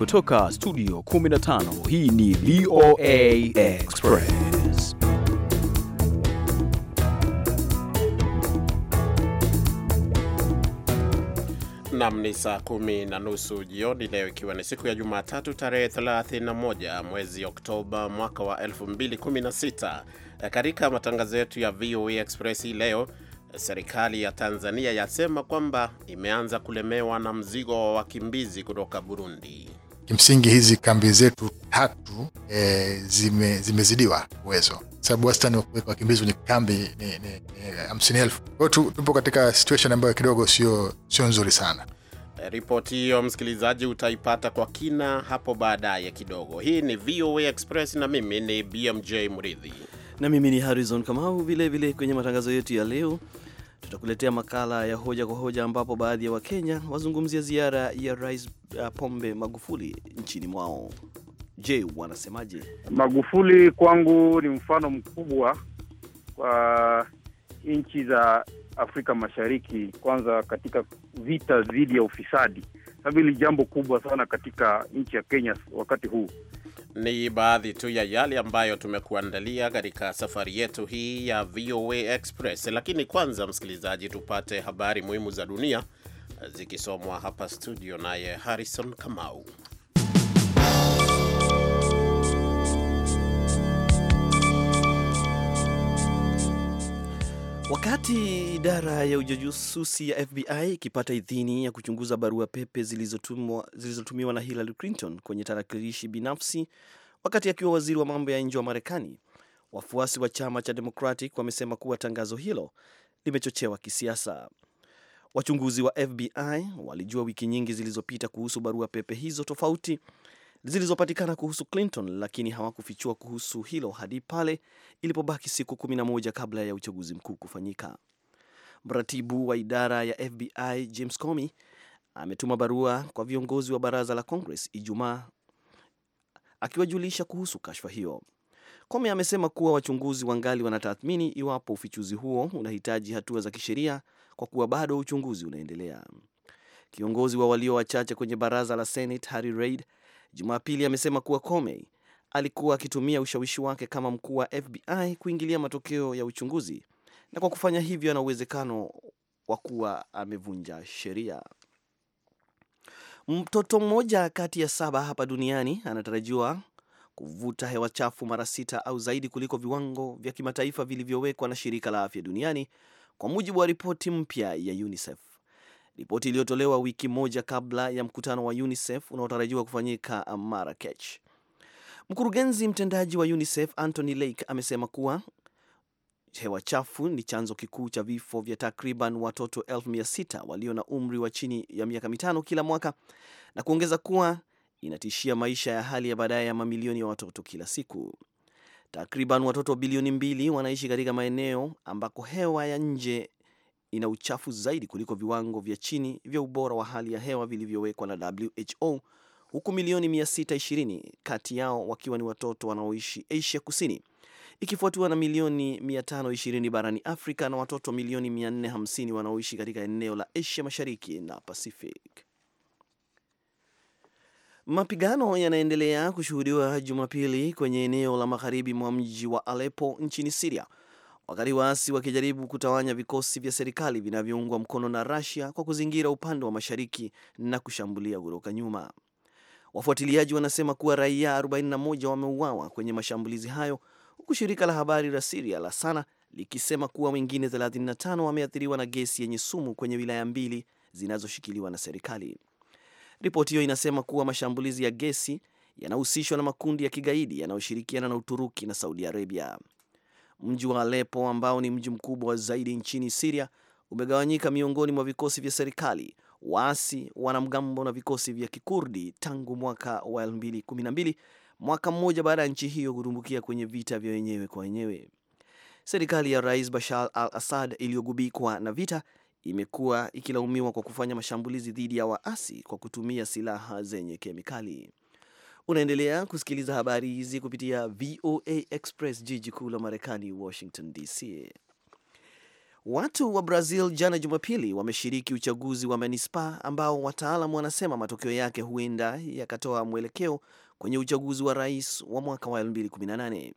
kutoka studio 15 hii ni VOA Express nam ni saa kumi na nusu jioni leo ikiwa ni siku ya Jumatatu tarehe 31 mwezi Oktoba mwaka wa 2016 e, katika matangazo yetu ya VOA Express hii leo Serikali ya Tanzania yasema kwamba imeanza kulemewa na mzigo wa wakimbizi kutoka Burundi kimsingi hizi kambi zetu tatu e, zime, zimezidiwa uwezo sababu wastani wa kuweka wakimbizi kwenye kambi ni, eh, hamsini elfu. kwao tu, tupo katika situation ambayo kidogo sio sio nzuri sana. Eh, ripoti hiyo msikilizaji, utaipata kwa kina hapo baadaye kidogo. Hii ni VOA Express na mimi ni BMJ Mridhi na mimi ni Harrison Kamau. Vilevile kwenye matangazo yetu ya leo Tutakuletea makala ya hoja kwa hoja, ambapo baadhi ya Wakenya wazungumzia ziara ya Rais uh, Pombe Magufuli nchini mwao. Je, wanasemaje? Magufuli kwangu ni mfano mkubwa kwa nchi za Afrika Mashariki, kwanza katika vita dhidi ya ufisadi. Sababu hili jambo kubwa sana katika nchi ya Kenya wakati huu, ni baadhi tu ya yale ambayo tumekuandalia katika safari yetu hii ya VOA Express, lakini kwanza, msikilizaji, tupate habari muhimu za dunia zikisomwa hapa studio naye Harrison Kamau. Wakati idara ya ujasusi ya FBI ikipata idhini ya kuchunguza barua pepe zilizotumiwa na Hillary Clinton kwenye tarakilishi binafsi wakati akiwa waziri wa mambo ya nje wa Marekani, wafuasi wa chama cha Democratic wamesema kuwa tangazo hilo limechochewa kisiasa. Wachunguzi wa FBI walijua wiki nyingi zilizopita kuhusu barua pepe hizo tofauti zilizopatikana kuhusu Clinton, lakini hawakufichua kuhusu hilo hadi pale ilipobaki siku 11 kabla ya uchaguzi mkuu kufanyika. Mratibu wa idara ya FBI James Comey ametuma barua kwa viongozi wa baraza la Congress Ijumaa akiwajulisha kuhusu kashfa hiyo. Comey amesema kuwa wachunguzi wangali wanatathmini iwapo ufichuzi huo unahitaji hatua za kisheria kwa kuwa bado uchunguzi unaendelea. Kiongozi wa walio wachache kwenye baraza la Senate Harry Reid Jumapili amesema kuwa Comey alikuwa akitumia ushawishi wake kama mkuu wa FBI kuingilia matokeo ya uchunguzi na kwa kufanya hivyo ana uwezekano wa kuwa amevunja sheria. Mtoto mmoja kati ya saba hapa duniani anatarajiwa kuvuta hewa chafu mara sita au zaidi kuliko viwango vya kimataifa vilivyowekwa na shirika la afya duniani, kwa mujibu wa ripoti mpya ya UNICEF ripoti iliyotolewa wiki moja kabla ya mkutano wa UNICEF unaotarajiwa kufanyika Marrakech. Mkurugenzi mtendaji wa UNICEF Anthony Lake amesema kuwa hewa chafu ni chanzo kikuu cha vifo vya takriban watoto 6 walio na umri wa chini ya miaka mitano kila mwaka na kuongeza kuwa inatishia maisha ya hali ya baadaye ya mamilioni ya watoto kila siku. Takriban watoto bilioni mbili wanaishi katika maeneo ambako hewa ya nje ina uchafu zaidi kuliko viwango vya chini vya ubora wa hali ya hewa vilivyowekwa na WHO, huku milioni 620 kati yao wakiwa ni watoto wanaoishi Asia Kusini, ikifuatiwa na milioni 520 barani Afrika na watoto milioni 450 wanaoishi katika eneo la Asia Mashariki na Pacific. Mapigano yanaendelea kushuhudiwa Jumapili kwenye eneo la magharibi mwa mji wa Aleppo nchini Syria wakati waasi wakijaribu kutawanya vikosi vya serikali vinavyoungwa mkono na Russia kwa kuzingira upande wa mashariki na kushambulia kutoka nyuma. Wafuatiliaji wanasema kuwa raia 41 wameuawa kwenye mashambulizi hayo, huku shirika la habari la Siria la Sana likisema kuwa wengine 35 wameathiriwa na gesi yenye sumu kwenye wilaya mbili zinazoshikiliwa na serikali. Ripoti hiyo inasema kuwa mashambulizi ya gesi yanahusishwa na makundi ya kigaidi yanayoshirikiana na Uturuki na Saudi Arabia. Mji wa alepo ambao ni mji mkubwa zaidi nchini Siria umegawanyika miongoni mwa vikosi vya serikali, waasi, wanamgambo na vikosi vya Kikurdi tangu mwaka wa 2012, mwaka mmoja baada ya nchi hiyo kutumbukia kwenye vita vya wenyewe kwa wenyewe. Serikali ya Rais Bashar al-Assad iliyogubikwa na vita imekuwa ikilaumiwa kwa kufanya mashambulizi dhidi ya waasi kwa kutumia silaha zenye kemikali. Unaendelea kusikiliza habari hizi kupitia VOA Express, jiji kuu la Marekani, Washington DC. Watu wa Brazil jana Jumapili wameshiriki uchaguzi wa manispa ambao wataalam wanasema matokeo yake huenda yakatoa mwelekeo kwenye uchaguzi wa rais wa mwaka wa 2018.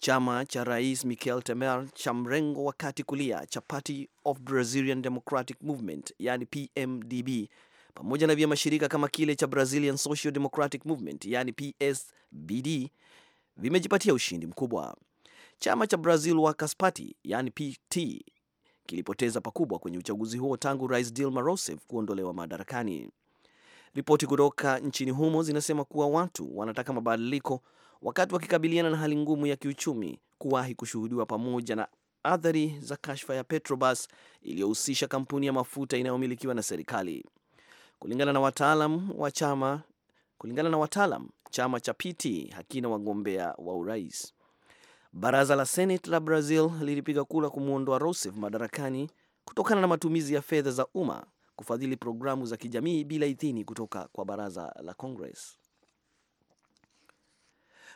Chama cha rais Michel Temer cha mrengo wa kati kulia cha Party of Brazilian Democratic Movement, yani PMDB pamoja na vya mashirika kama kile cha Brazilian Social Democratic Movement yani PSBD vimejipatia ushindi mkubwa. Chama cha Brazil Workers Party yani PT kilipoteza pakubwa kwenye uchaguzi huo tangu Rais Dilma Rousseff kuondolewa madarakani. Ripoti kutoka nchini humo zinasema kuwa watu wanataka mabadiliko wakati wakikabiliana na hali ngumu ya kiuchumi kuwahi kushuhudiwa pamoja na athari za kashfa ya Petrobras iliyohusisha kampuni ya mafuta inayomilikiwa na serikali. Kulingana na wataalam wa chama kulingana na wataalam, chama cha PT hakina wagombea wa urais. Baraza la Senate la Brazil lilipiga kura kumwondoa Rousseff madarakani kutokana na matumizi ya fedha za umma kufadhili programu za kijamii bila idhini kutoka kwa baraza la Congress.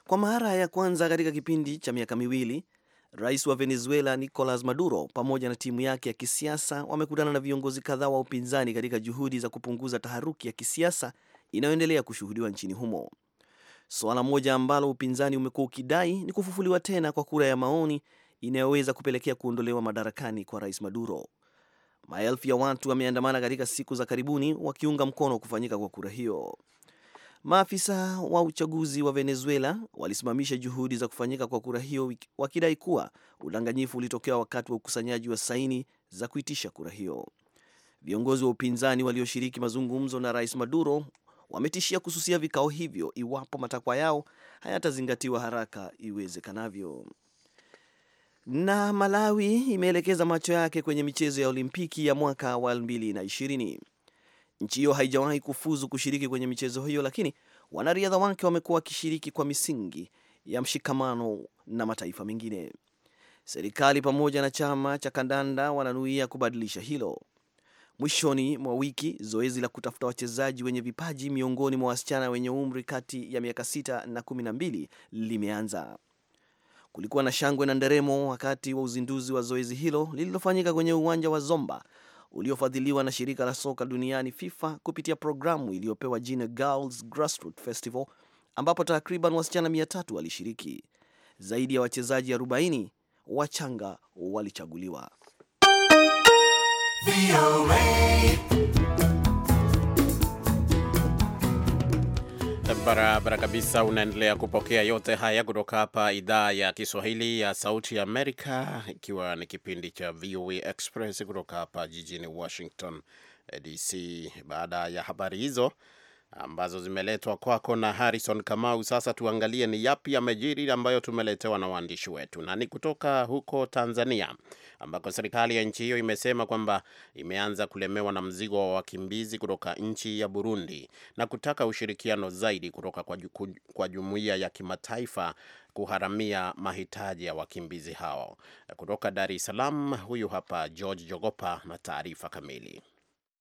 Kwa mara ya kwanza katika kipindi cha miaka miwili, Rais wa Venezuela Nicolas Maduro pamoja na timu yake ya kisiasa wamekutana na viongozi kadhaa wa upinzani katika juhudi za kupunguza taharuki ya kisiasa inayoendelea kushuhudiwa nchini humo. Suala moja ambalo upinzani umekuwa ukidai ni kufufuliwa tena kwa kura ya maoni inayoweza kupelekea kuondolewa madarakani kwa Rais Maduro. Maelfu ya watu wameandamana katika siku za karibuni wakiunga mkono kufanyika kwa kura hiyo. Maafisa wa uchaguzi wa Venezuela walisimamisha juhudi za kufanyika kwa kura hiyo wakidai kuwa udanganyifu ulitokea wakati wa ukusanyaji wa saini za kuitisha kura hiyo. Viongozi wa upinzani walioshiriki mazungumzo na Rais Maduro wametishia kususia vikao hivyo iwapo matakwa yao hayatazingatiwa haraka iwezekanavyo. Na Malawi imeelekeza macho yake kwenye michezo ya Olimpiki ya mwaka wa 2020. Nchi hiyo haijawahi kufuzu kushiriki kwenye michezo hiyo, lakini wanariadha wake wamekuwa wakishiriki kwa misingi ya mshikamano na mataifa mengine. Serikali pamoja na chama cha kandanda wananuia kubadilisha hilo. Mwishoni mwa wiki, zoezi la kutafuta wachezaji wenye vipaji miongoni mwa wasichana wenye umri kati ya miaka sita na kumi na mbili limeanza. Kulikuwa na shangwe na nderemo wakati wa uzinduzi wa zoezi hilo lililofanyika kwenye uwanja wa Zomba uliofadhiliwa na shirika la soka duniani FIFA kupitia programu iliyopewa jina Girls Grassroots Festival ambapo takriban wasichana 3 walishiriki. Zaidi ya wachezaji 40 wachanga walichaguliwa. barabara kabisa. Unaendelea kupokea yote haya kutoka hapa idhaa ya Kiswahili ya Sauti ya Amerika, ikiwa ni kipindi cha VOA Express kutoka hapa jijini Washington eh, DC. Baada ya habari hizo ambazo zimeletwa kwako na Harrison Kamau. Sasa tuangalie ni yapi yamejiri ambayo tumeletewa na waandishi wetu, na ni kutoka huko Tanzania ambako serikali ya nchi hiyo imesema kwamba imeanza kulemewa na mzigo wa wakimbizi kutoka nchi ya Burundi na kutaka ushirikiano zaidi kutoka kwa, ju, kwa jumuiya ya kimataifa kuharamia mahitaji ya wakimbizi hao. Kutoka Dar es Salaam, huyu hapa George Jogopa na taarifa kamili.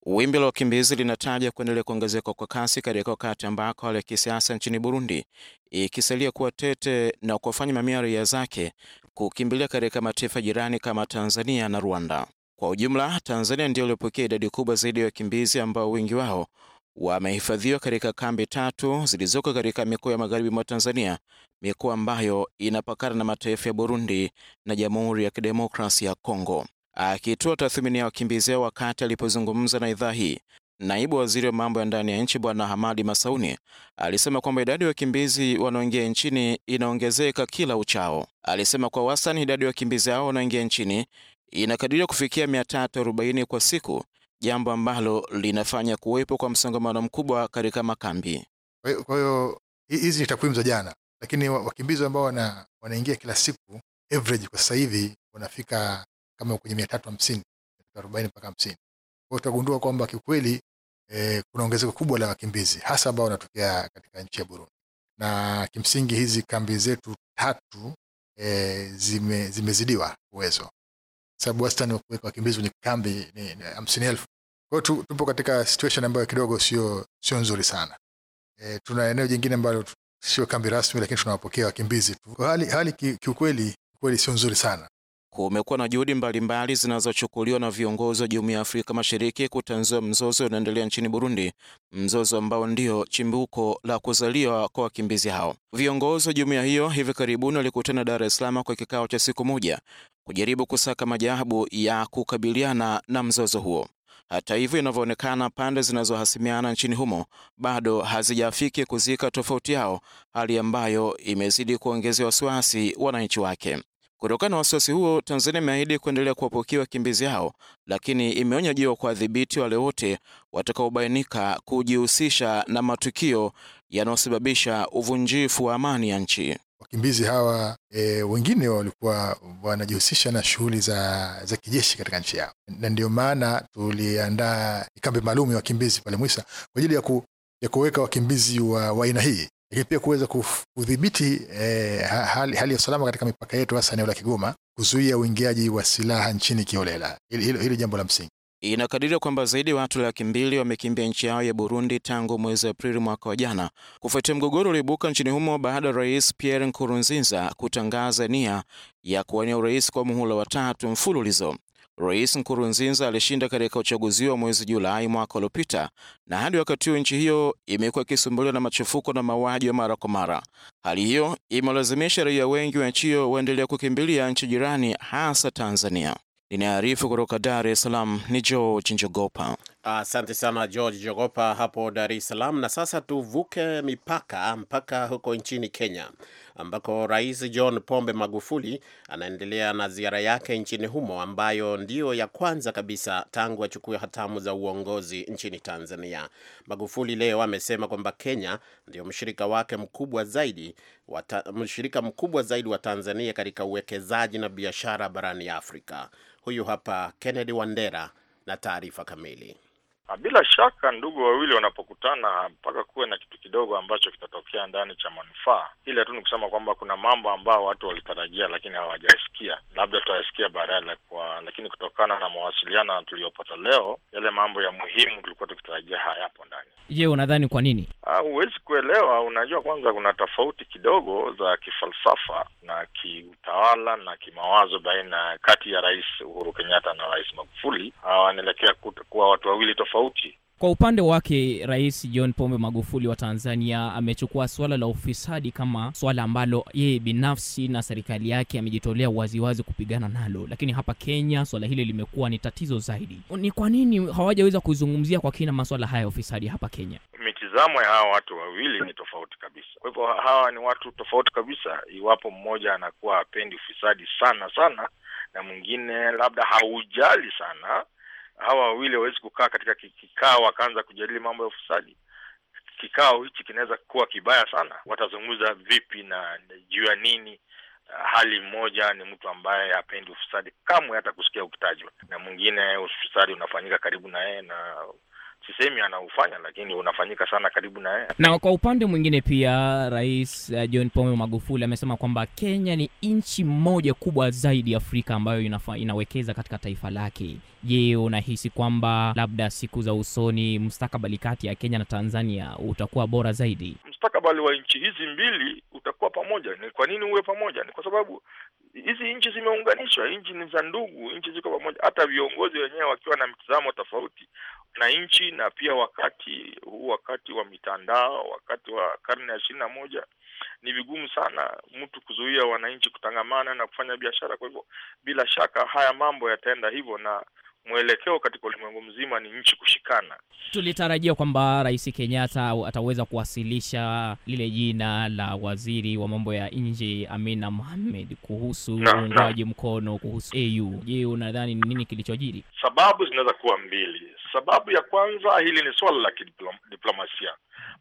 Wimbi la wakimbizi linataja kuendelea kuongezeka kwa kasi katika wakati ambako hali ya kisiasa nchini Burundi ikisalia kuwa tete na kuwafanya mamia raia zake kukimbilia katika mataifa jirani kama Tanzania na Rwanda. Kwa ujumla, Tanzania ndio iliyopokea idadi kubwa zaidi ya wakimbizi ambao wengi wao wamehifadhiwa katika kambi tatu zilizoko katika mikoa ya magharibi mwa Tanzania, mikoa ambayo inapakana na mataifa ya Burundi na Jamhuri ya Kidemokrasia ya Kongo. Akitoa tathmini ya wakimbizi hao wakati alipozungumza na idhaa hii, naibu waziri wa mambo ya ndani ya nchi Bwana Hamadi Masauni alisema kwamba idadi ya wakimbizi wanaoingia nchini inaongezeka kila uchao. Alisema kwa wastani idadi ya wakimbizi hao wanaoingia nchini inakadiriwa kufikia 340 kwa siku, jambo ambalo linafanya kuwepo kwa msongamano mkubwa katika makambi. Kwa hiyo hizi ni takwimu za jana, lakini wakimbizi ambao wanaingia kila siku average kwa sasa hivi wanafika kama kwenye mia tatu hamsini arobaini mpaka hamsini kwao utagundua kwamba kiukweli e, kuna ongezeko kubwa la wakimbizi hasa ambao wanatokea katika nchi ya Burundi na kimsingi hizi kambi zetu tatu e, zime, zimezidiwa uwezo sababu wastani wa kuweka wakimbizi kwenye kambi ni hamsini elfu kwao tu, tupo katika situation ambayo kidogo sio sio nzuri sana e, tuna eneo jingine ambalo sio kambi rasmi lakini tunawapokea wakimbizi tu hali, hali kiukweli ki kweli sio nzuri sana Kumekuwa na juhudi mbalimbali zinazochukuliwa na viongozi wa Jumuiya ya Afrika Mashariki kutanzua mzozo unaoendelea nchini Burundi, mzozo ambao ndio chimbuko la kuzaliwa kwa wakimbizi hao. Viongozi wa jumuiya hiyo hivi karibuni walikutana Dar es Salaam kwa kikao cha siku moja kujaribu kusaka majawabu ya kukabiliana na mzozo huo. Hata hivyo, inavyoonekana pande zinazohasimiana nchini humo bado hazijafiki kuzika tofauti yao, hali ambayo imezidi kuongezea wasiwasi wananchi wake. Kutokana na wasiwasi huo, Tanzania imeahidi kuendelea kuwapokea wakimbizi hao, lakini imeonya juu ya kuwadhibiti wale wote watakaobainika kujihusisha na matukio yanayosababisha uvunjifu wa amani ya nchi. Wakimbizi hawa e, wengine walikuwa wanajihusisha na shughuli za, za kijeshi katika nchi yao, na ndio maana tuliandaa kambi maalum ya wakimbizi pale Mwisa kwa ajili ya, ku, ya kuweka wakimbizi wa aina hii lakini pia kuweza kudhibiti eh, hali, hali ya usalama katika mipaka yetu hasa eneo la Kigoma, kuzuia uingiaji wa silaha nchini kiholela. Hilo jambo la msingi. Inakadiriwa kwamba zaidi ya watu laki mbili wamekimbia nchi yao ya Burundi tangu mwezi Aprili mwaka wa jana kufuatia mgogoro ulioibuka nchini humo baada ya Rais Pierre Nkurunziza kutangaza nia ya kuwania urais kwa muhula wa tatu mfululizo. Rais Nkurunziza alishinda katika uchaguzi wa mwezi Julai mwaka uliopita, na hadi wakati nchi hiyo imekuwa ikisumbuliwa na machafuko na mauaji ya mara kwa mara. Hali hiyo imelazimisha raia wengi wa nchi hiyo waendelee kukimbilia nchi jirani, hasa Tanzania. Ninaarifu kutoka Dar es Salaam ni George Njogopa. Asante uh, sana George Jogopa hapo Dar es Salaam. Na sasa tuvuke mipaka mpaka huko nchini Kenya ambako Rais John Pombe Magufuli anaendelea na ziara yake nchini humo ambayo ndiyo ya kwanza kabisa tangu achukue hatamu za uongozi nchini Tanzania. Magufuli leo amesema kwamba Kenya ndio mshirika wake mkubwa zaidi wata, mshirika mkubwa zaidi wa Tanzania katika uwekezaji na biashara barani Afrika. Huyu hapa Kennedy Wandera na taarifa kamili. Ah, bila shaka ndugu wawili wanapokutana, mpaka kuwe na kitu kidogo ambacho kitatokea ndani cha manufaa. Ile tu ni kusema kwamba kuna mambo ambayo watu walitarajia lakini hawajasikia, labda tutayasikia baadaye kwa, lakini kutokana na mawasiliano tuliyopata leo, yale mambo ya muhimu tulikuwa tukitarajia hayapo ndani. Je, unadhani kwa nini? huwezi kuelewa. Unajua, kwanza kuna tofauti kidogo za kifalsafa na kiutawala na kimawazo baina kati ya Rais Uhuru Kenyatta na Rais Magufuli. wanaelekea kuwa watu wawili tofauti. Kwa upande wake Rais John Pombe Magufuli wa Tanzania amechukua suala la ufisadi kama suala ambalo yeye binafsi na serikali yake amejitolea waziwazi kupigana nalo, lakini hapa Kenya suala hili limekuwa ni tatizo zaidi. Ni kwa nini hawajaweza kuzungumzia kwa kina masuala haya ya ufisadi hapa Kenya? mitazamo ya hawa watu wawili ni tofauti kabisa. Kwa hivyo hawa ni watu tofauti kabisa, iwapo mmoja anakuwa hapendi ufisadi sana sana na mwingine labda haujali sana. Hawa wawili hawezi kukaa katika kikao wakaanza kujadili mambo ya ufisadi. Kikao hichi kinaweza kuwa kibaya sana. Watazungumza vipi na juu ya nini? Hali mmoja ni mtu ambaye hapendi ufisadi kamwe, hata kusikia ukitajwa, na mwingine ufisadi unafanyika karibu na yeye na sisemi anaufanya, lakini unafanyika sana karibu na yeye. Na kwa upande mwingine pia Rais uh, John Pombe Magufuli amesema kwamba Kenya ni nchi moja kubwa zaidi Afrika ambayo inafa, inawekeza katika taifa lake. Je, unahisi kwamba labda siku za usoni mstakabali kati ya Kenya na Tanzania utakuwa bora zaidi? mstakabali wa nchi hizi mbili utakuwa pamoja. Ni kwa nini uwe pamoja? Ni kwa sababu hizi nchi zimeunganishwa, nchi ni za ndugu, nchi ziko pamoja, hata viongozi wenyewe wakiwa na mtizamo tofauti na nchi. Na pia wakati huu, wakati wa mitandao, wakati wa karne ya ishirini na moja, ni vigumu sana mtu kuzuia wananchi kutangamana na kufanya biashara. Kwa hivyo, bila shaka haya mambo yataenda hivyo na mwelekeo katika ulimwengu mzima ni nchi kushikana. Tulitarajia kwamba Rais Kenyatta ataweza kuwasilisha lile jina la waziri wa mambo ya nje Amina Mohamed kuhusu uungaji mkono kuhusu AU. Je, unadhani ni nini kilichojiri? Sababu zinaweza kuwa mbili. Sababu ya kwanza, hili ni swala la kidiplomasia.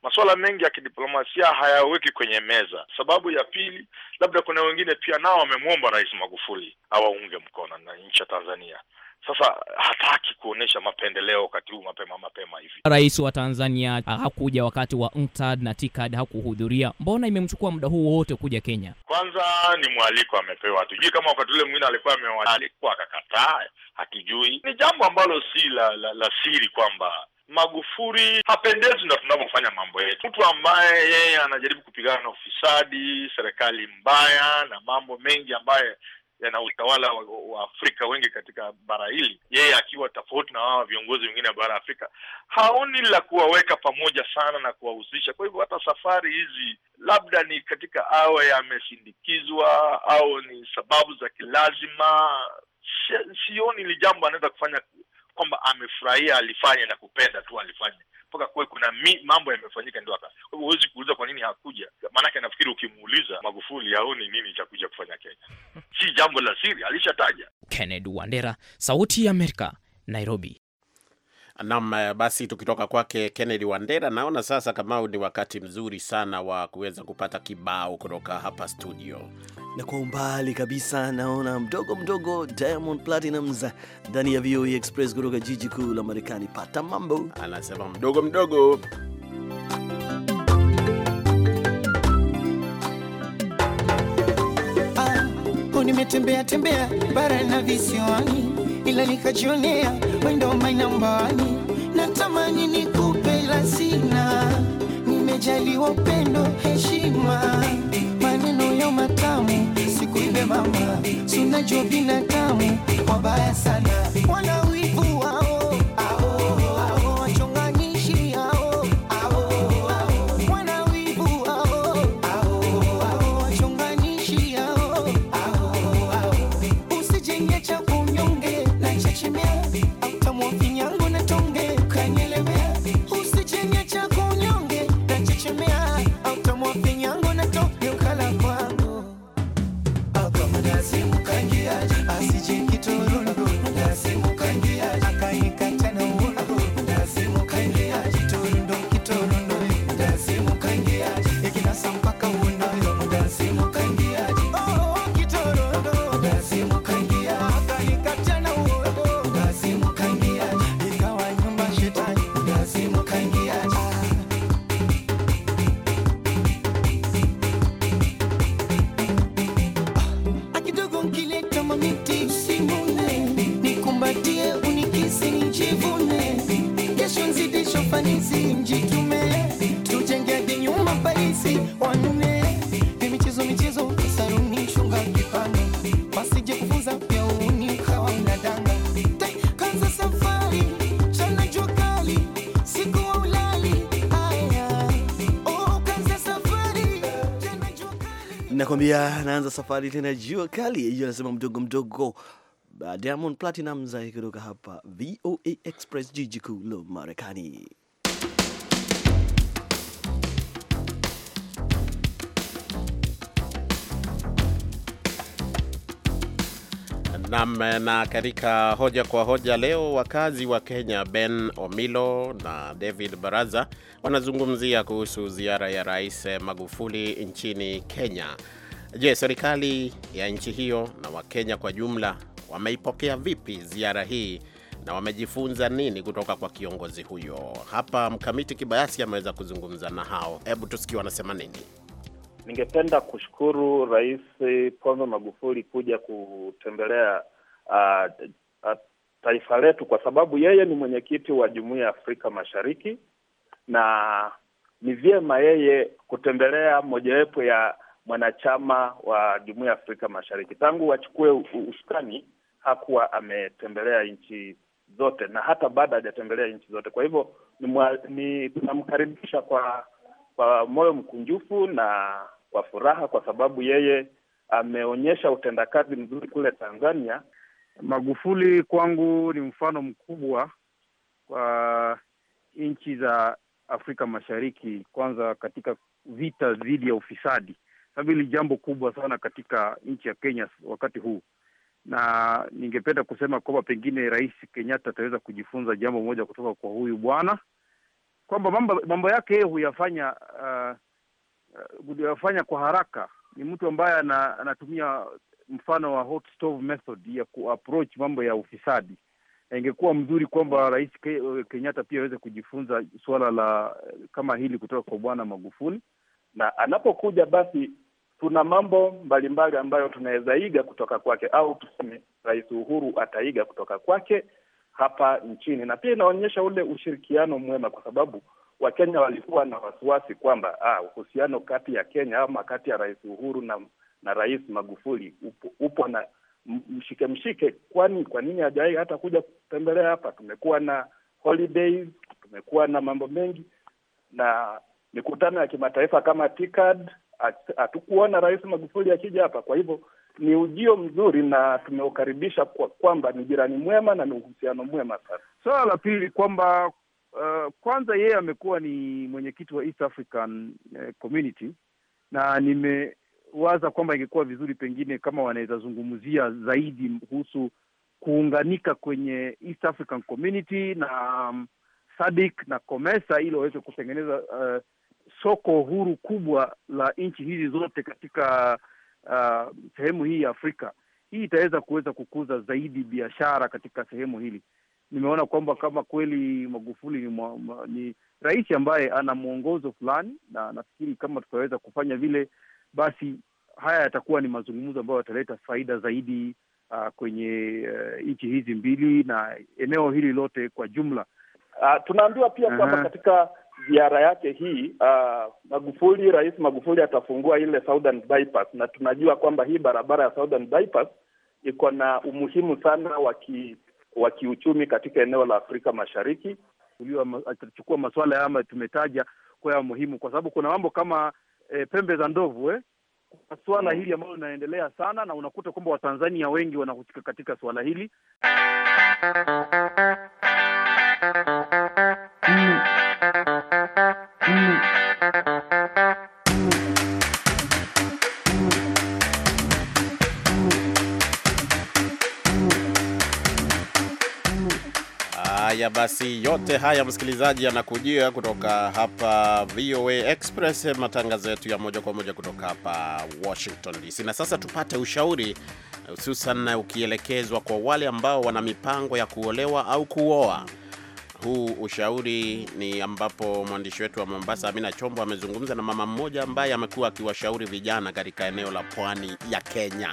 Masuala mengi ya kidiplomasia hayaweki kwenye meza. Sababu ya pili, labda kuna wengine pia nao wamemwomba Rais Magufuli awaunge mkono na nchi ya Tanzania. Sasa hataki kuonyesha mapendeleo wakati huu mapema mapema hivi. Rais wa Tanzania ah, hakuja wakati wa UNCTAD na TICAD hakuhudhuria, mbona imemchukua muda huu wote kuja Kenya? Kwanza ni mwaliko amepewa, tujui kama wakati ule mwingine alikuwa alikuwa akakataa, hatujui. Ni jambo ambalo si la, la, la siri kwamba Magufuli hapendezi na tunavyofanya mambo yetu, mtu ambaye yeye anajaribu kupigana na ufisadi, serikali mbaya na mambo mengi ambaye yana utawala wa, wa Afrika wengi katika bara hili, yeye akiwa tofauti na wawa viongozi wengine wa bara ya Afrika, haoni la kuwaweka pamoja sana na kuwahusisha. Kwa hivyo hata safari hizi labda ni katika awe amesindikizwa au ni sababu za kilazima, sioni li jambo anaweza kufanya kwamba amefurahia alifanya na kupenda tu alifanya mpaka kuwe kuna mi, mambo yamefanyika ndio aka. Kwa hivyo huwezi kuuliza kwa nini hakuja, maanake nafikiri ukimuuliza Magufuli haoni nini cha kuja kufanya Kenya. Si jambo la siri, alishataja. kenned Wandera, Sauti ya Amerika, Nairobi. Naam, eh, basi tukitoka kwake Kennedy Wandera, naona sasa kama ni wakati mzuri sana wa kuweza kupata kibao kutoka hapa studio, na kwa umbali kabisa naona mdogo mdogo Diamond Platinumz ndani ya VOA e Express kutoka jiji kuu la Marekani. Pata mambo, anasema mdogo mdogo ah, nimetembea tembea bara na visiwani ila nikajionea wendo mainambani, tamani ni ila sina, nimejaliwa upendo, heshima, maneno ya matamu, siku ile mama, sunajua binadamu wabaya sana Wana anakuambia naanza safari tena, jua kali hiyo, anasema mdogo mdogo Diamond Platinum kutoka hapa VOA Express, jiji kuu la Marekani. Nam na katika hoja kwa hoja leo, wakazi wa Kenya Ben Omilo na David Baraza wanazungumzia kuhusu ziara ya Rais Magufuli nchini Kenya. Je, serikali ya nchi hiyo na Wakenya kwa jumla wameipokea vipi ziara hii na wamejifunza nini kutoka kwa kiongozi huyo? Hapa Mkamiti Kibayasi ameweza kuzungumza na hao. Hebu tusikie wanasema nini. Ningependa kushukuru Rais Pombe Magufuli kuja kutembelea uh, uh, taifa letu kwa sababu yeye ni mwenyekiti wa Jumuiya ya Afrika Mashariki, na ni vyema yeye kutembelea mojawapo ya mwanachama wa Jumuiya ya Afrika Mashariki. Tangu wachukue usukani hakuwa ametembelea nchi zote na hata bado hajatembelea nchi zote. Kwa hivyo ni tunamkaribisha kwa kwa moyo mkunjufu na kwa furaha, kwa sababu yeye ameonyesha utendakazi mzuri kule Tanzania. Magufuli kwangu ni mfano mkubwa kwa nchi za Afrika Mashariki, kwanza katika vita dhidi ya ufisadi. Sasa hili jambo kubwa sana katika nchi ya Kenya wakati huu, na ningependa kusema kwamba pengine Rais Kenyatta ataweza kujifunza jambo moja kutoka kwa huyu bwana kwamba mambo, mambo yake yeye huyafanya uh, uh huyafanya kwa haraka. Ni mtu ambaye anatumia mfano wa hot stove method ya kuapproach mambo ya ufisadi. Ingekuwa mzuri kwamba Rais uh, Kenyatta pia aweze kujifunza suala la kama hili kutoka kwa Bwana Magufuli, na anapokuja basi tuna mambo mbalimbali ambayo tunaweza iga kutoka kwake, au tuseme Rais Uhuru ataiga kutoka kwake hapa nchini, na pia inaonyesha ule ushirikiano mwema, kwa sababu Wakenya walikuwa na wasiwasi kwamba ah, uhusiano kati ya Kenya ama kati ya Rais Uhuru na na Rais Magufuli upo, upo na mshike mshike, kwani kwa nini hajai hata kuja kutembelea hapa? Tumekuwa na holidays, tumekuwa na mambo mengi na mikutano ya kimataifa kama TICAD hatukuona Rais Magufuli akija hapa. Kwa hivyo ni ujio mzuri na tumeukaribisha kwa kwamba ni jirani mwema na ni uhusiano mwema sana. Swala so, la pili kwamba uh, kwanza yeye amekuwa ni mwenyekiti wa East African uh, Community na nimewaza kwamba ingekuwa vizuri pengine kama wanaweza zungumzia zaidi kuhusu kuunganika kwenye East African Community na um, SADC na COMESA ili waweze kutengeneza uh, soko huru kubwa la nchi hizi zote katika uh, sehemu hii ya Afrika. Hii itaweza kuweza kukuza zaidi biashara katika sehemu hili. Nimeona kwamba kama kweli Magufuli ni, mwa, ni rais ambaye ana mwongozo fulani, na nafikiri kama tutaweza kufanya vile, basi haya yatakuwa ni mazungumzo ambayo yataleta faida zaidi uh, kwenye uh, nchi hizi mbili na eneo hili lote kwa jumla. Uh, tunaambiwa pia kwamba katika ziara yake hii uh, Magufuli, Rais Magufuli atafungua ile Southern Bypass, na tunajua kwamba hii barabara ya Southern Bypass iko na umuhimu sana wa kiuchumi katika eneo la Afrika Mashariki. Huyo atachukua masuala ama tumetaja kwa ya muhimu, kwa sababu kuna mambo kama e, pembe za ndovu eh? Kuna swala hili ambalo linaendelea sana na unakuta kwamba Watanzania wengi wanahusika katika swala hili Haya basi, yote haya msikilizaji, yanakujia kutoka hapa VOA Express, matangazo yetu ya moja kwa moja kutoka hapa Washington DC. Na sasa tupate ushauri, hususan ukielekezwa kwa wale ambao wana mipango ya kuolewa au kuoa huu ushauri ni ambapo mwandishi wetu wa Mombasa Amina Chombo amezungumza na mama mmoja ambaye amekuwa akiwashauri vijana katika eneo la pwani ya Kenya.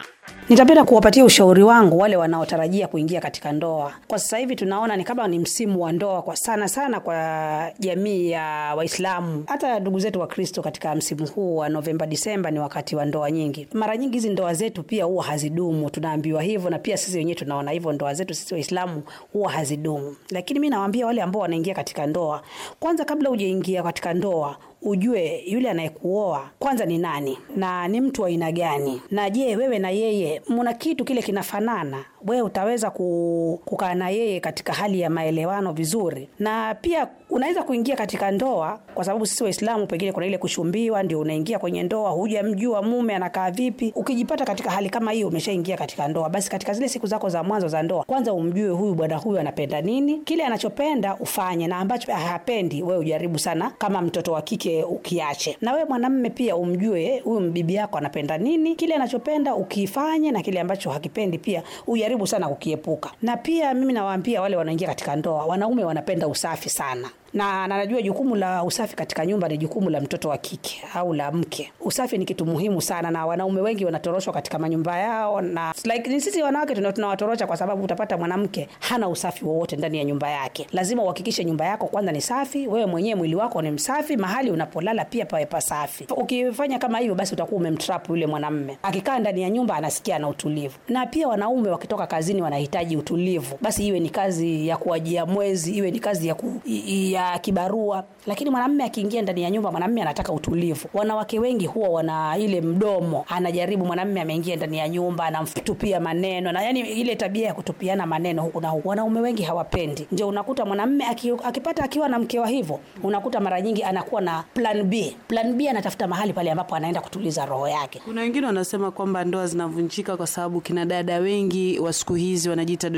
Nitapenda kuwapatia ushauri wangu wale wanaotarajia kuingia katika ndoa. Kwa sasa hivi tunaona ni kama ni msimu wa ndoa kwa sana sana kwa jamii ya Waislamu, hata ndugu zetu wa Kristo. Katika msimu huu wa Novemba Disemba ni wakati wa ndoa nyingi. Mara nyingi hizi ndoa zetu pia huwa hazidumu, tunaambiwa hivyo, na pia sisi wenyewe tunaona hivyo, ndoa zetu sisi Waislamu huwa hazidumu, lakini mi nawaambia wale ambao wanaingia katika ndoa. Kwanza kabla hujaingia katika ndoa, ujue yule anayekuoa kwanza ni nani na ni mtu wa aina gani, na je, wewe na yeye muna kitu kile kinafanana, wewe utaweza kukaa na yeye katika hali ya maelewano vizuri, na pia unaweza kuingia katika ndoa, kwa sababu sisi Waislamu pengine kuna ile kushumbiwa, ndio unaingia kwenye ndoa, hujamjua mume anakaa vipi. Ukijipata katika hali kama hiyo, umeshaingia katika ndoa, basi katika zile siku zako za mwanzo za ndoa, kwanza umjue huyu bwana huyu anapenda nini, kile anachopenda ufanye, na ambacho hapendi wewe ujaribu sana, kama mtoto wa kike usichoke ukiache. Na wewe mwanamme pia umjue huyu mbibi yako anapenda nini, kile anachopenda ukifanye, na kile ambacho hakipendi pia ujaribu sana kukiepuka. Na pia mimi nawaambia wale wanaingia katika ndoa, wanaume wanapenda usafi sana na, najua jukumu la usafi katika nyumba ni jukumu la mtoto wa kike au la mke. Usafi ni kitu muhimu sana, na wanaume wengi wanatoroshwa katika manyumba yao, na like, sisi wanawake tunawatorosha kwa sababu utapata mwanamke hana usafi wowote ndani ya nyumba yake. Lazima uhakikishe nyumba yako kwanza ni safi, wewe mwenyewe mwili wako ni msafi, mahali unapolala pia pawe pasafi. Ukifanya kama hivyo, basi utakuwa umemtrap yule mwanamme. Akikaa ndani ya nyumba anasikia na utulivu, na pia wanaume wakitoka kazini wanahitaji utulivu. Basi iwe ni kazi ya kuajia mwezi, iwe ni kazi ya, ku, ya kibarua, lakini mwanamume akiingia ndani ya nyumba, mwanamume anataka utulivu. Wanawake wengi huwa wana ile mdomo, anajaribu mwanamme ameingia ndani ya nyumba, anamtupia maneno na yani ile tabia ya kutupiana maneno huku na huku, wanaume wengi hawapendi. Ndio unakuta mwanamme akipata akiwa na mkewa hivyo, unakuta mara nyingi anakuwa na plan B. Plan B anatafuta mahali pale ambapo anaenda kutuliza roho yake. Kuna wengine wanasema kwamba ndoa zinavunjika kwa sababu kina dada wengi wa siku hizi wanajiita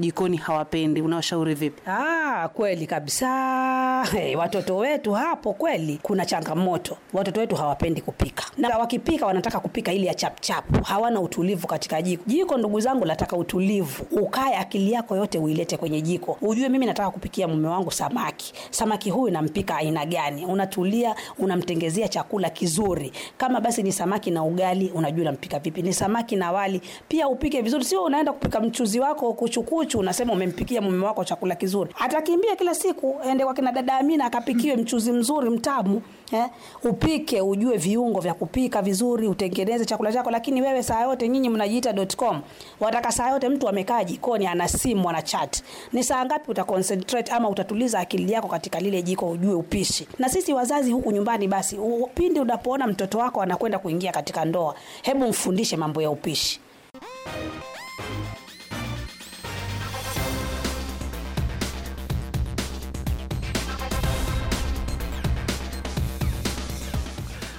jikoni hawapendi. Unawashauri vipi? Ah, kweli kabisa hey, watoto wetu hapo kweli kuna changamoto. Watoto wetu hawapendi kupika, na wakipika wanataka kupika ili ya chapchap, hawana utulivu katika jiko. Jiko ndugu zangu, nataka utulivu, ukae akili yako yote uilete kwenye jiko, ujue mimi nataka kupikia mume wangu samaki. Samaki huyu nampika aina gani? Unatulia, unamtengezea chakula kizuri, kama basi ni samaki na ugali, unajua unampika vipi. Ni samaki na wali pia upike vizuri, sio unaenda kupika mchuzi wako kuchukuchu, unasema umempikia mume wako chakula kizuri, atakimbia kila siku ende kwa kina dada Amina akapikiwe mchuzi mzuri mtamu eh? Upike ujue viungo vya kupika vizuri, utengeneze chakula chako. Lakini wewe saa yote nyinyi mnajiita.com, wataka saa yote mtu amekaa jikoni ana simu ana chat. Ni saa ngapi uta concentrate ama utatuliza akili yako katika lile jiko, ujue upishi? Na sisi wazazi huku nyumbani, basi pindi unapoona mtoto wako anakwenda kuingia katika ndoa, hebu mfundishe mambo ya upishi.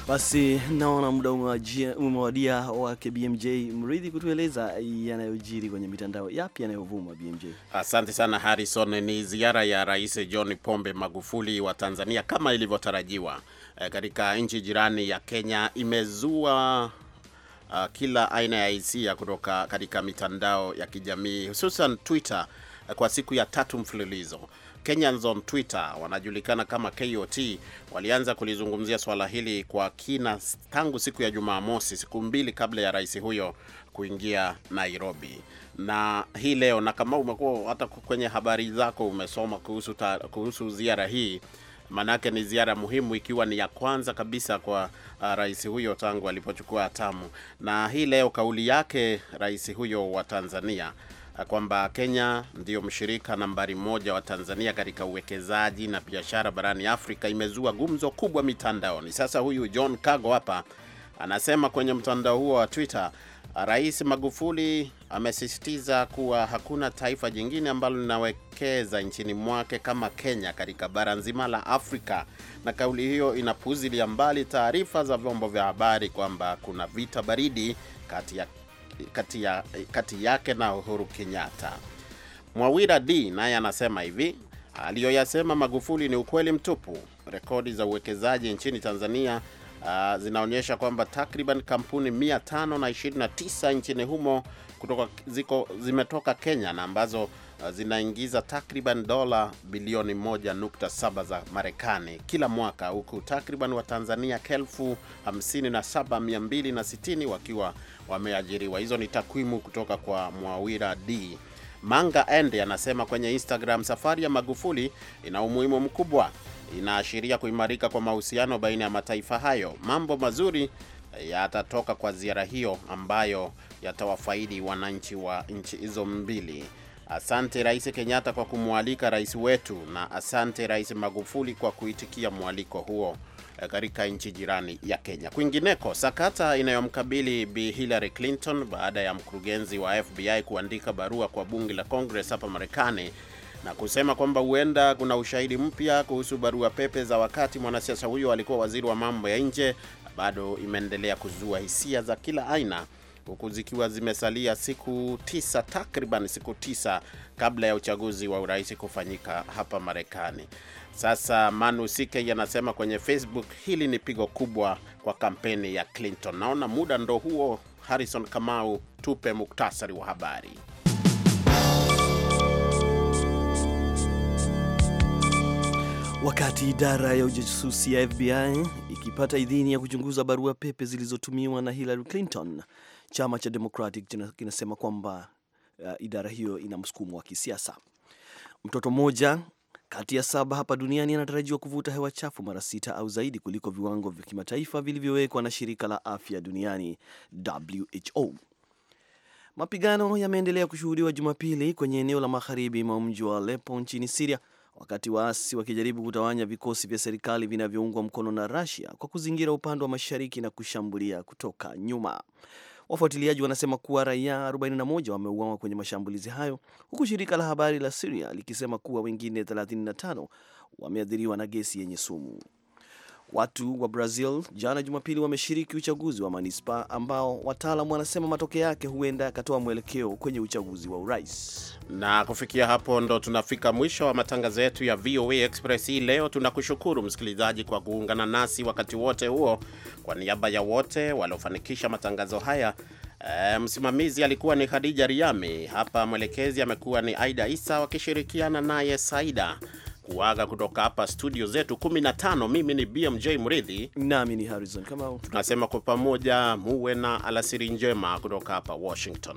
Basi naona muda umewadia wake BMJ Mridhi kutueleza yanayojiri kwenye mitandao, yapi yanayovuma BMJ? Asante sana Harrison. Ni ziara ya Rais John Pombe Magufuli wa Tanzania kama ilivyotarajiwa e, katika nchi jirani ya Kenya imezua a, ah, kila aina ya hisia kutoka katika mitandao ya kijamii hususan Twitter eh, kwa siku ya tatu mfululizo Kenyans on Twitter wanajulikana kama KOT walianza kulizungumzia swala hili kwa kina tangu siku ya Jumamosi, siku mbili kabla ya rais huyo kuingia Nairobi na hii leo. Na kama umekuwa hata kwenye habari zako umesoma kuhusu, ta, kuhusu ziara hii Manake ni ziara muhimu ikiwa ni ya kwanza kabisa kwa uh, rais huyo tangu alipochukua hatamu. Na hii leo kauli yake rais huyo wa Tanzania kwamba Kenya ndio mshirika nambari moja wa Tanzania katika uwekezaji na biashara barani Afrika imezua gumzo kubwa mitandaoni. Sasa huyu John Kago hapa anasema kwenye mtandao huo wa Twitter, Rais Magufuli amesisitiza kuwa hakuna taifa jingine ambalo linawekeza nchini mwake kama Kenya katika bara nzima la Afrika, na kauli hiyo inapuzilia mbali taarifa za vyombo vya habari kwamba kuna vita baridi kati ya kati, ya, kati yake na Uhuru Kenyatta. Mwawira D naye anasema hivi, aliyoyasema Magufuli ni ukweli mtupu. Rekodi za uwekezaji nchini Tanzania uh, zinaonyesha kwamba takriban kampuni 529 nchini humo kutoka, ziko, zimetoka Kenya na ambazo uh, zinaingiza takriban dola bilioni 1.7 za Marekani kila mwaka, huku takriban Watanzania elfu 57,260 wakiwa wameajiriwa. Hizo ni takwimu kutoka kwa Mwawira D. Manga End anasema kwenye Instagram, safari ya Magufuli ina umuhimu mkubwa, inaashiria kuimarika kwa mahusiano baina ya mataifa hayo. Mambo mazuri eh, yatatoka kwa ziara hiyo ambayo yatawafaidi wananchi wa nchi hizo mbili. Asante Rais Kenyatta kwa kumwalika rais wetu, na asante Rais Magufuli kwa kuitikia mwaliko huo katika nchi jirani ya Kenya. Kwingineko, sakata inayomkabili Bi Hillary Clinton baada ya mkurugenzi wa FBI kuandika barua kwa bunge la Congress hapa Marekani na kusema kwamba huenda kuna ushahidi mpya kuhusu barua pepe za wakati mwanasiasa huyo alikuwa waziri wa mambo ya nje, bado imeendelea kuzua hisia za kila aina huku zikiwa zimesalia siku tisa takriban siku tisa kabla ya uchaguzi wa urais kufanyika hapa Marekani. Sasa Manu Sike anasema kwenye Facebook, hili ni pigo kubwa kwa kampeni ya Clinton. Naona muda ndo huo. Harrison Kamau, tupe muktasari wa habari. Wakati idara ya ujasusi ya FBI ikipata idhini ya kuchunguza barua pepe zilizotumiwa na Hillary Clinton, chama cha Democratic kinasema kwamba uh, idara hiyo ina msukumo wa kisiasa. Mtoto mmoja kati ya saba hapa duniani anatarajiwa kuvuta hewa chafu mara sita au zaidi kuliko viwango vya kimataifa vilivyowekwa na shirika la afya duniani WHO. Mapigano yameendelea kushuhudiwa Jumapili kwenye eneo la magharibi mwa mji wa Aleppo nchini Siria, wakati waasi wakijaribu kutawanya vikosi vya serikali vinavyoungwa mkono na Russia kwa kuzingira upande wa mashariki na kushambulia kutoka nyuma. Wafuatiliaji wanasema kuwa raia 41 wameuawa kwenye mashambulizi hayo, huku shirika la habari la Syria likisema kuwa wengine 35 wameathiriwa na gesi yenye sumu. Watu wa Brazil jana Jumapili wameshiriki uchaguzi wa manispa ambao wataalam wanasema matokeo yake huenda yakatoa mwelekeo kwenye uchaguzi wa urais. Na kufikia hapo ndo tunafika mwisho wa matangazo yetu ya VOA Express hii leo. Tunakushukuru msikilizaji kwa kuungana nasi wakati wote huo. Kwa niaba ya wote waliofanikisha matangazo haya e, msimamizi alikuwa ni Khadija Riami, hapa mwelekezi amekuwa ni Aida Isa wakishirikiana naye Saida kuaga kutoka hapa studio zetu 15. Mimi ni BMJ Mridhi nami ni Harrison Kamau, tunasema kwa pamoja muwe na alasiri njema kutoka hapa Washington.